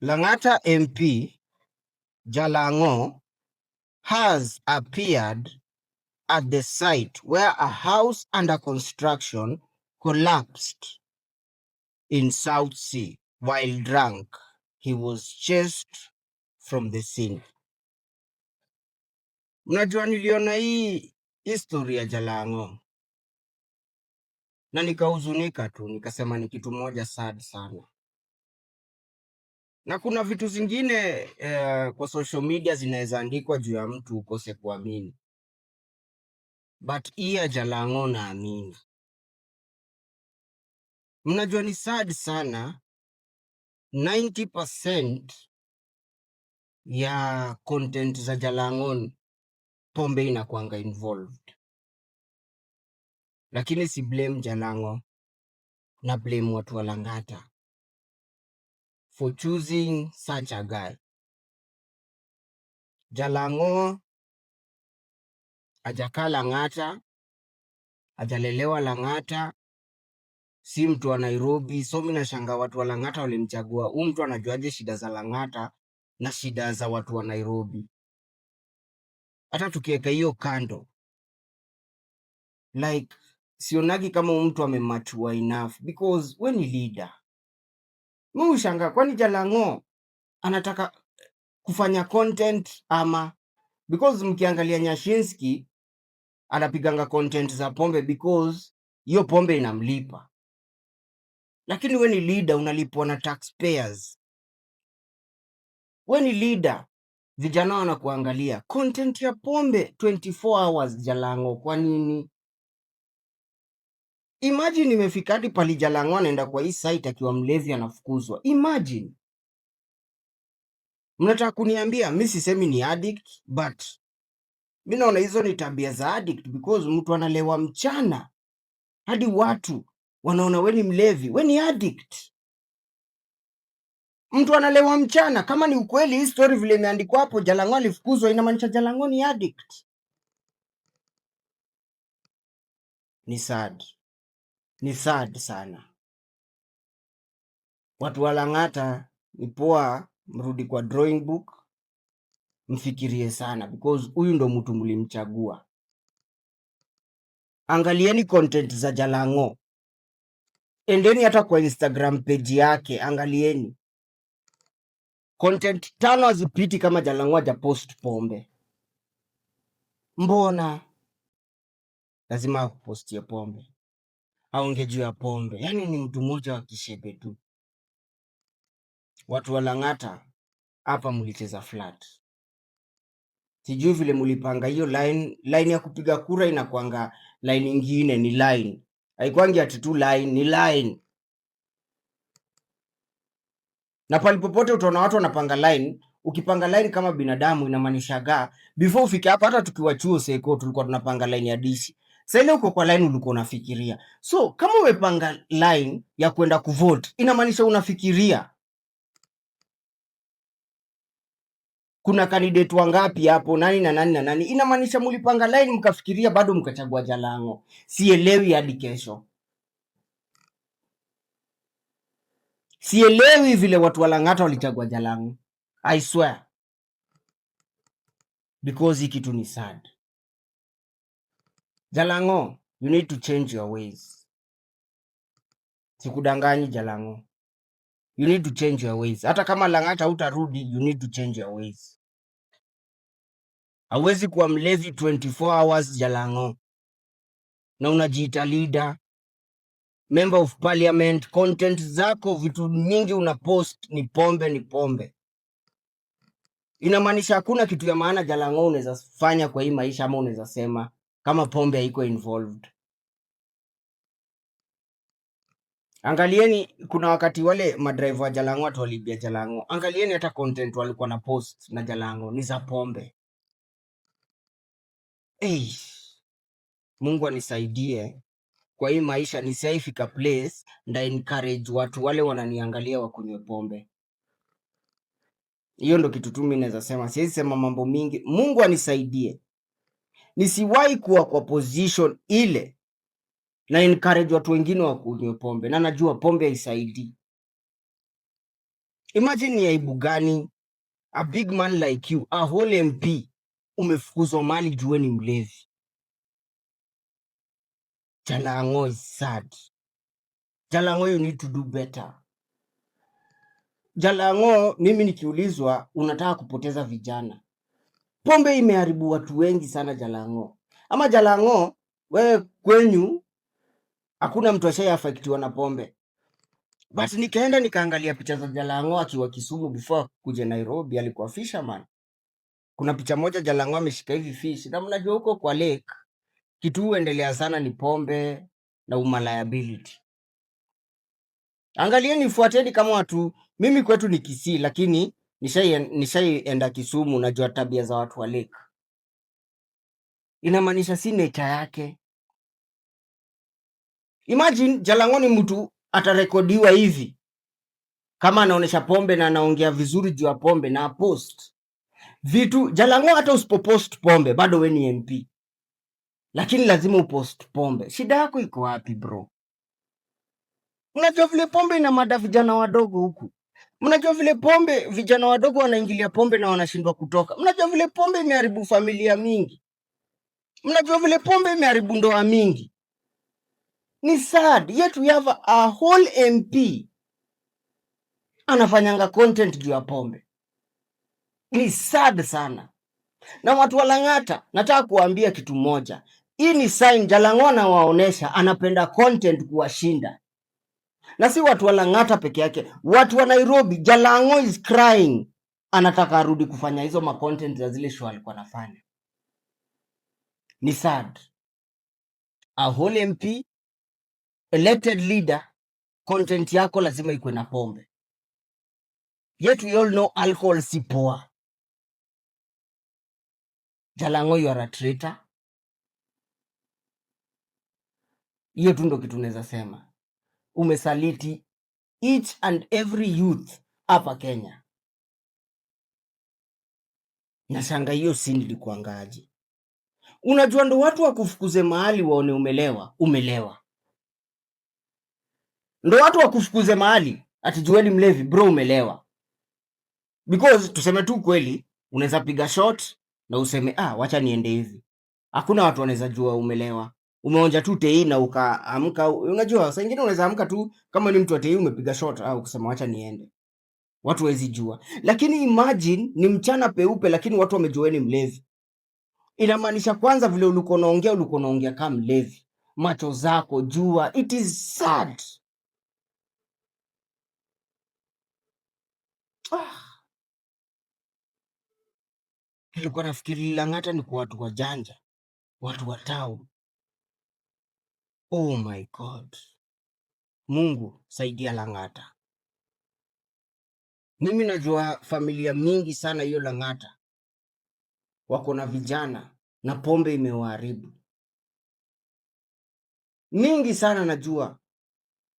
Langata MP Jalango has appeared at the site where a house under construction collapsed in South Sea while drunk. He was chased from the scene. Mnajua, niliona hii history ya Jalango na nikahuzunika tu, nikasema ni kitu moja sad sana na kuna vitu zingine eh, kwa social media zinaweza andikwa juu ya mtu ukose kuamini, but iya Jalang'o naamini. Mnajua ni sad sana, 90% ya content za Jalang'o pombe inakuanga involved, lakini si blame Jalang'o na blame watu wa Lang'ata for choosing such a guy. Jalang'o hajakaa Lang'ata, ajalelewa Lang'ata, si mtu wa Nairobi. So mimi nashanga watu wa Lang'ata walimchagua huyu mtu. Anajuaje shida za Lang'ata na shida za watu wa Nairobi? Hata tukiweka hiyo kando, like sionagi kama mtu amematua enough because we ni leader mimi ushanga kwani Jalang'o anataka kufanya content ama because mkiangalia Nyashinski anapiganga content za pombe because hiyo pombe inamlipa, lakini we ni leader, unalipwa na taxpayers. We ni leader, vijana wanakuangalia. Content ya pombe 24 hours Jalang'o, kwa nini? Imagine imefika hadi palijalangwa naenda kwa hii site akiwa mlevi anafukuzwa. Imagine. Mnataka kuniambia mimi sisemi ni addict but mimi naona hizo ni tabia za addict because mtu analewa mchana hadi watu wanaona we ni mlevi, we ni addict. Mtu analewa mchana. Kama ni ukweli hii story vile imeandikwa hapo, Jalang'o alifukuzwa, inamaanisha Jalang'o ni addict. Ni sad ni sad sana. Watu wa Lang'ata ni poa, mrudi kwa drawing book, mfikirie sana because huyu ndo mtu mlimchagua. Angalieni content za Jalang'o, endeni hata kwa Instagram page yake, angalieni content tano hazipiti kama Jalang'o hajapost pombe. Mbona lazima apostie pombe? aonge juu ya pombe. Yaani ni mtu mmoja wa kishebe tu. Watu wa Lang'ata hapa mlicheza flat, sijui vile mlipanga hiyo line. Line ya kupiga kura inakuanga line ingine, ni line haikwangi ati tu line, ni line. Na popote utaona watu wanapanga line. Ukipanga line kama binadamu inamaanisha inamaanishaga before ufike hapa, hata tukiwa chuo seko tulikuwa tunapanga line ya DC sasa uko kwa line ulikuwa unafikiria. So kama umepanga line ya kwenda kuvote, inamaanisha unafikiria kuna kandidate wangapi hapo, nani na nani na nani. Inamaanisha mlipanga line mkafikiria, bado mkachagua Jalang'o. Sielewi hadi kesho, sielewi vile watu wa Lang'ata walichagua Jalang'o. I swear because hii kitu ni sad. Jalango, you need to change your ways. Sikudanganyi Jalango, you need to change your ways. Hata kama Lang'ata utarudi, you need to change your ways. Hauwezi kuwa mlezi 24 hours Jalango, na unajiita leader, member of parliament. Content zako vitu nyingi unapost ni pombe, ni pombe inamaanisha hakuna kitu ya maana Jalango unaweza fanya kwa hii maisha ama unaweza sema kama pombe haiko involved. Angalieni, kuna wakati wale madriver wa Jalango watu walibia Jalango, angalieni hata content walikuwa na post na Jalango ni za pombe. Hey, Mungu anisaidie kwa hii maisha, nisaifika place nda encourage watu wale wananiangalia wakunywe pombe. Hiyo ndo kitu tu mimi naweza sema, siwezi sema mambo mingi. Mungu anisaidie nisiwahi kuwa kwa position ile na encourage watu wengine wakunywe pombe, na najua pombe haisaidii. Imagine ni aibu gani a big man like you, a whole MP umefukuzwa mali jue ni mlevi. Jalang'o is sad. Jalang'o, you need to do better. Jalang'o, mimi nikiulizwa unataka kupoteza vijana pombe imeharibu watu wengi sana Jalang'o. Ama Jalang'o, wewe kwenyu hakuna mtu afektiwa na pombe. But nikaenda nikaangalia picha za Jalang'o akiwa Kisumu before kuja Nairobi, alikuwa fisherman. Kuna picha moja Jalang'o ameshika hivi fish, na mnajua huko kwa lake kitu huendelea sana ni pombe na umaliability. Angalieni, fuateni kama watu. Mimi kwetu ni Kisii, lakini nishaienda Kisumu, najua tabia za watu wa lake. Inamaanisha si nature yake. Imagine Jalang'oni mtu atarekodiwa hivi kama anaonesha pombe na anaongea vizuri juu ya pombe na post vitu Jalang'o. Hata usipopost pombe bado we ni MP, lakini lazima upost pombe. Shida yako iko wapi bro? Unajua vile pombe ina mada vijana wadogo huku Mnajua vile pombe, vijana wadogo wanaingilia pombe na wanashindwa kutoka. Mnajua vile pombe imeharibu familia mingi, mnajua vile pombe imeharibu ndoa mingi. Ni sad yet we have a whole MP anafanyanga content juu ya pombe. Ni sad sana, na watu wa Lang'ata, nataka kuwaambia kitu moja. Hii ni sign Jalang'ona waonesha anapenda content kuwashinda na si watu wa Lang'ata peke yake, watu wa Nairobi. Jalang'o is crying, anataka arudi kufanya hizo ma content za zile show alikuwa anafanya. Ni sad, a whole MP elected leader, content yako lazima ikuwe na pombe. Yet we all know alcohol si poa. Jalang'o, you are a traitor. Hiyo tu ndo kitu naweza sema umesaliti each and every youth hapa Kenya. Nashanga hiyo si likuangaje? Unajua, ndo watu wakufukuze mahali waone umelewa, umelewa, ndo watu wakufukuze mahali ati mlevi, bro, umelewa. Because tuseme tu kweli, unaweza piga shot na useme ah, wacha niende hivi. Hakuna watu wanaweza jua umelewa umeonja tu tei na ukaamka. Unajua saa ingine unaweza amka tu, kama ni mtu wa tei umepiga shot au ah, kusema wacha niende, watu wezi jua. Lakini imagine ni mchana peupe, lakini watu wamejua ni mlevi. Inamaanisha kwanza, vile uliko naongea, uliko naongea kama mlevi, macho zako jua. It is sad. Ah. Nilikuwa nafikiri Lang'ata ni kwa watu wajanja, watu wa town. Oh my God. Mungu saidia Lang'ata. Mimi najua familia mingi sana hiyo Lang'ata wako na vijana na pombe imewaharibu mingi sana. Najua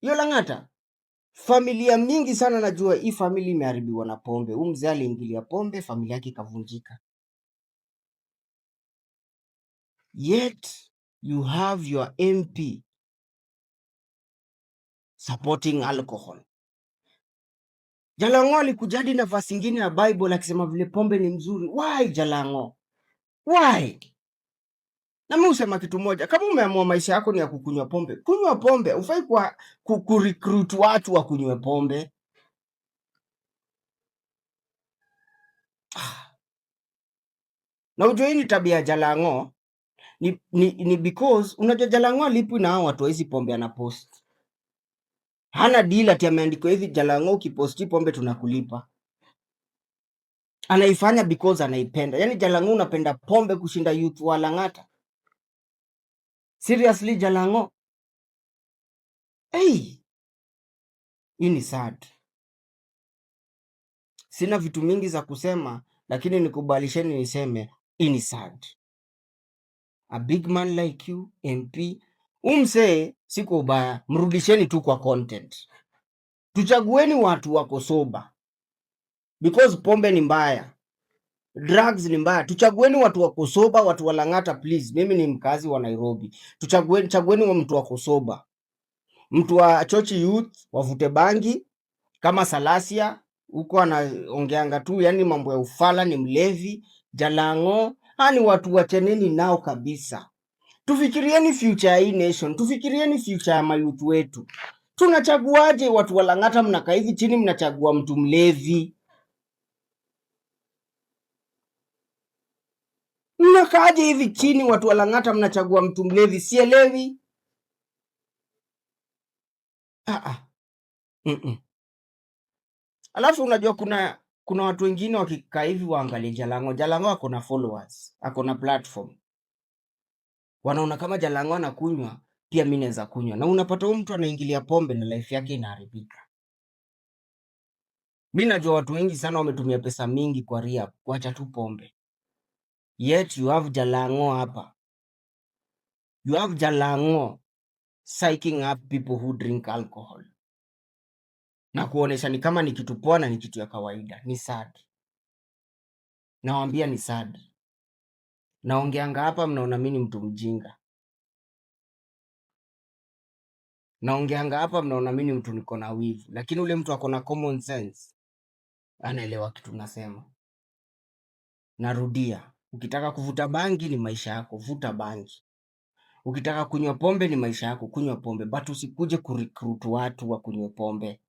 hiyo Lang'ata familia mingi sana, najua hii familia imeharibiwa na pombe. Huyu mzee aliingilia pombe, familia yake ikavunjika, yet you have your MP supporting alcohol. Jalang'o alikujadi nafasi ingine ya Bible akisema vile pombe ni mzuri. Why Jalang'o? Why? Na mimi usema kitu moja, kama umeamua maisha yako ni ya kukunywa pombe, kunywa pombe. Ufai kwa kurecruit watu wa kunywa pombe. Ah. Na ujue hii ni tabia Jalang'o ni, ni, ni because unajua Jalang'wa lipwi na hao watu waizi pombe anapost. Hana deal ati ameandikwa hivi Jalang'wa ukiposti pombe tunakulipa. Anaifanya because anaipenda. Yaani Jalang'wa unapenda pombe kushinda youth wa Lang'ata. Seriously Jalang'wa. Hey. Hii ni sad. Sina vitu mingi za kusema lakini nikubalisheni niseme hii ni sad a big man like you MP. Umsee siko ubaya, mrudisheni tu kwa content, tuchagueni watu wako soba because pombe ni mbaya, drugs ni mbaya. Tuchagueni watu wako soba, watu walang'ata please. Mimi ni mkazi wa Nairobi, tuchagueni, chagueni wa mtu wako soba, mtu wa chochi youth wavute bangi kama Salasia huko anaongeanga tu, yani mambo ya ufala, ni mlevi Jalango Hani watu wachaneni nao kabisa. Tufikirieni future ya hii nation, tufikirieni future ya mayutu wetu. Tunachaguaje? Watu walang'ata, mnakaa hivi chini, mnachagua mtu mlevi. Mnakaaje hivi chini, watu walang'ata, mnachagua mtu mlevi? Sielewi. Ah, ah. Mm -mm. Alafu unajua kuna kuna watu wengine wakikaa hivi waangalie Jalango. Jalango ako na followers, ako na platform, wanaona kama Jalango anakunywa pia mimi naweza kunywa, na unapata huyu mtu anaingilia pombe na life yake inaharibika. Mimi najua watu wengi sana wametumia pesa mingi kwa ria kuacha tu pombe, yet you have Jalango hapa, you have Jalango psyching up people who drink alcohol na kuonesha ni kama ni kitu poa na ni kitu ya kawaida. Ni sad, nawaambia ni sad. Naongeanga hapa, mnaona mimi ni mtu mjinga. Naongeanga hapa, mnaona mimi ni mtu niko na wivu, lakini ule mtu ako na common sense anaelewa kitu nasema. Narudia, ukitaka kuvuta bangi ni maisha yako, vuta bangi. Ukitaka kunywa pombe ni maisha yako, kunywa pombe, but usikuje kurekrut watu wa kunywa pombe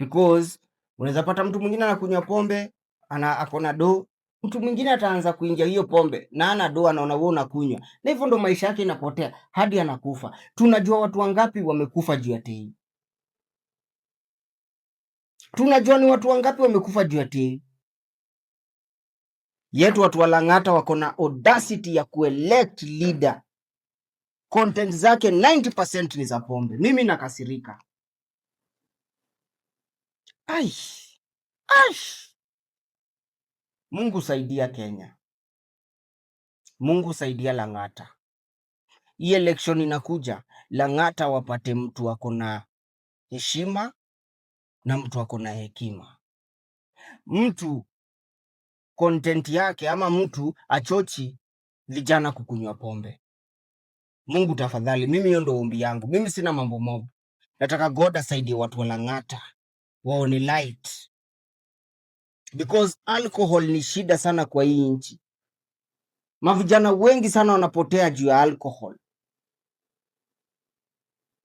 because unaweza pata mtu mwingine anakunywa pombe ana ako na do, mtu mwingine ataanza kuingia hiyo pombe na ana do, anaona wewe unakunywa, na hivyo ndo maisha yake inapotea hadi anakufa. Tunajua watu wangapi wamekufa juu ya tei? Tunajua ni watu wangapi wamekufa juu ya tei yetu. Watu walang'ata wako na audacity ya kuelect leader, content zake 90% ni za pombe. Mimi nakasirika. Ai, ai, Mungu saidia Kenya, Mungu saidia Lang'ata. Hii election inakuja, Lang'ata wapate mtu ako na heshima na mtu ako na hekima, mtu content yake ama mtu achochi vijana kukunywa pombe. Mungu tafadhali, mimi hiyo ndo ombi yangu. Mimi sina mambo mob, nataka God asaidie watu wa Lang'ata wao ni light, because alcohol ni shida sana kwa hii nchi. Mavijana wengi sana wanapotea juu ya alcohol.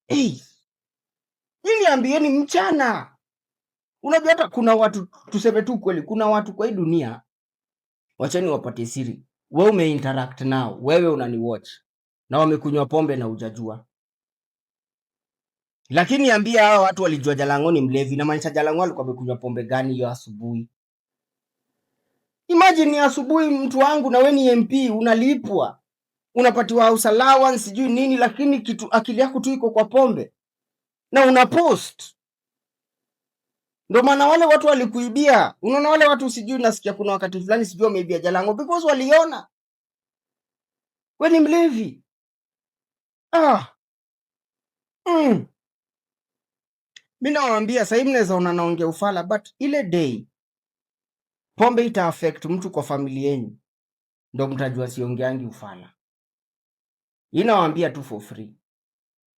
Hey, ambieni mchana. Unajua hata kuna watu, tuseme tu kweli, kuna watu kwa hii dunia, wachani wapate siri. Wewe umeinteract nao, wewe unaniwatch na wamekunywa pombe na ujajua lakini ambia hawa watu walijua Jalang'o ni mlevi, namaanisha Jalang'o alikuwa amekunywa pombe gani hiyo asubuhi? Imagine ni asubuhi, mtu wangu, na we ni MP, unalipwa unapatiwa house allowance sijui nini, lakini kitu akili yako tu iko kwa pombe na una post. Ndio maana wale watu walikuibia. Unaona wale watu sijui, nasikia kuna wakati fulani sijui wameibia Jalang'o because waliona we ni mlevi ah. mm mi nawambia sahii mnaweza ona naongea ufala, but ile day pombe ita affect mtu kwa famili yenyu, ndo mtajua siongeangi ufala. Inawaambia tu for free.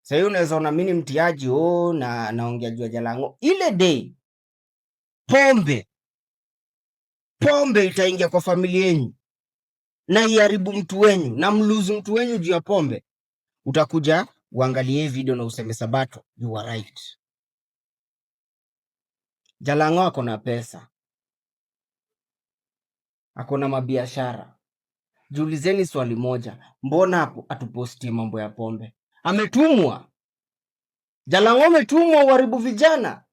Sahii unaweza ona mi mtiaji o oh, na naongea jua jalango. Ile day pombe pombe itaingia kwa famili yenyu na iharibu mtu wenyu na mluzi mtu wenyu juu ya pombe, utakuja uangalie video na useme Sabato, you are right. Jalang'o ako na pesa, ako na mabiashara. Julizeni swali moja, mbona hapo atupostie mambo ya pombe? Ametumwa Jalang'o, ametumwa uharibu vijana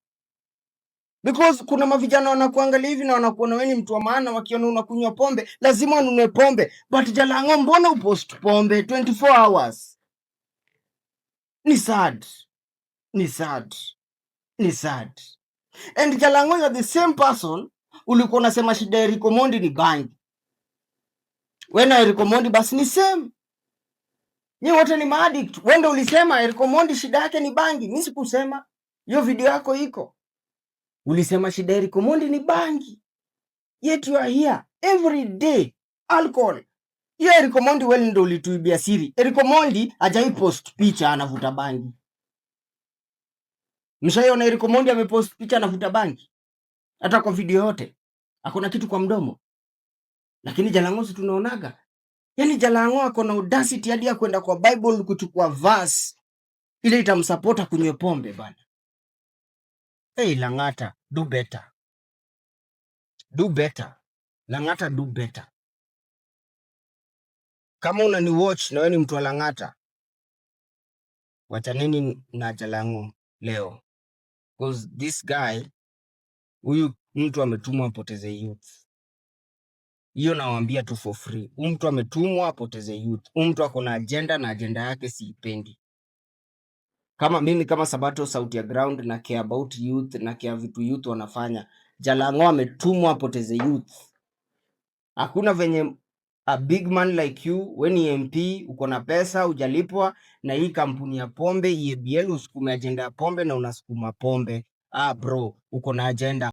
because kuna mavijana wanakuangalia hivi na wanakuona wewe ni mtu wa maana. Wakiona unakunywa pombe lazima wanunue pombe, but Jalang'o, mbona upost pombe 24 hours? Ni sad, ni sad, ni sad. And Jalangonya, the same person ulikuwa unasema shida ya Eric ni bangi, wena na Eric basi ni same, nyi wote ni maaddict. Wewe ndio ulisema Eric Omondi shida yake ni bangi, mimi sikusema hiyo. Video yako iko, ulisema shida ya Eric Omondi ni bangi, yet you are here every day alcohol hiyo. Eric Omondi wewe ndio ulituibia siri. Eric Omondi hajai post picha anavuta bangi. Mshaiona Eric Omondi amepost picha anavuta bangi, hata kwa video yote hakuna kitu kwa mdomo, lakini Jalang'o tunaonaga yani, Jalang'o ako na audacity hadi ya kwenda kwa Bible kuchukua verse ile itamsapota kunywe pombe bana. Hey, Lang'ata do better, do better Lang'ata do better. Kama unani watch na wewe ni mtu wa Lang'ata, wachaneni na Jalang'o leo because this guy, huyu mtu ametumwa apoteze youth. Hiyo nawaambia tu for free. Huyu mtu ametumwa apoteze youth. Huyu mtu ako na agenda na agenda yake siipendi. Kama mimi kama Sabato sauti ya ground na care about youth na care vitu youth wanafanya. Jalango ametumwa apoteze youth. Hakuna venye a big man like you, we ni MP, uko na pesa, ujalipwa na hii kampuni ya pombe EABL, usukume ajenda ya pombe na unasukuma pombe. Ah bro, uko na ajenda.